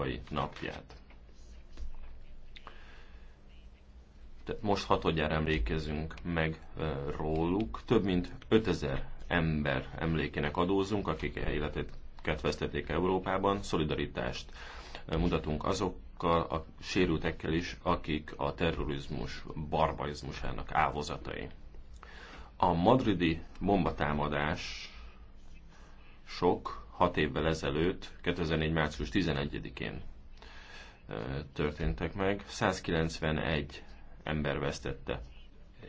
Európai Napját. Tehát most hatodjára emlékezünk meg e, róluk. Több mint 5000 ember emlékének adózunk, akik e életet kedvesztették Európában. Szolidaritást e, mutatunk azokkal a sérültekkel is, akik a terrorizmus barbarizmusának áldozatai. A madridi bombatámadás sok hat évvel ezelőtt, 2004. március 11-én történtek meg. 191 ember vesztette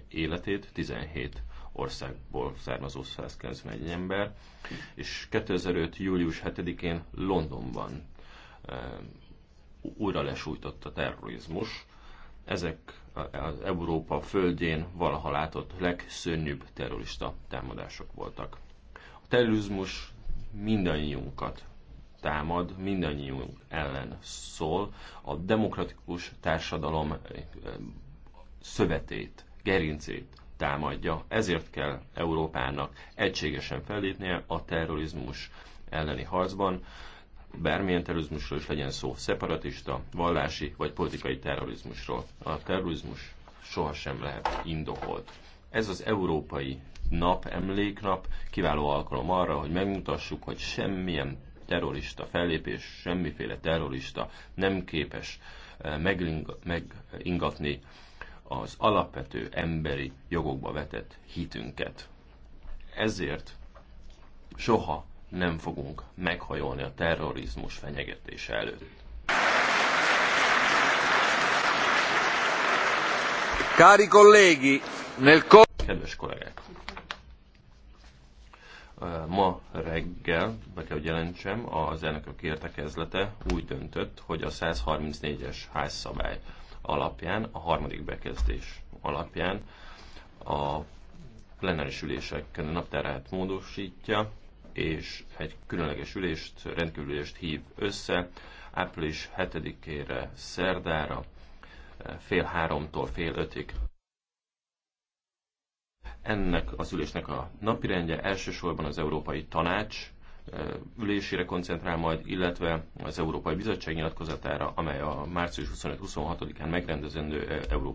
életét, 17 országból származó 191 ember, és 2005. július 7-én Londonban újra lesújtott a terrorizmus. Ezek az Európa földjén valaha látott legszörnyűbb terrorista támadások voltak. A terrorizmus mindannyiunkat támad, mindannyiunk ellen szól, a demokratikus társadalom eh, szövetét, gerincét támadja. Ezért kell Európának egységesen fellépnie a terrorizmus elleni harcban, bármilyen terrorizmusról is legyen szó, szeparatista, vallási vagy politikai terrorizmusról. A terrorizmus sohasem lehet indokolt. Ez az európai nap, emléknap kiváló alkalom arra, hogy megmutassuk, hogy semmilyen terrorista fellépés, semmiféle terrorista nem képes eh, megingatni az alapvető emberi jogokba vetett hitünket. Ezért soha nem fogunk meghajolni a terrorizmus fenyegetése előtt. nel Kedves kollégák! Ma reggel, be kell, hogy jelentsem, az elnökök értekezlete úgy döntött, hogy a 134-es házszabály alapján, a harmadik bekezdés alapján a plenáris ülések naptárát módosítja, és egy különleges ülést, rendkívül ülést hív össze április 7-ére szerdára fél háromtól fél ötig. Ennek az ülésnek a napirendje elsősorban az Európai Tanács ülésére koncentrál majd, illetve az Európai Bizottság nyilatkozatára, amely a március 25-26-án megrendezendő Európai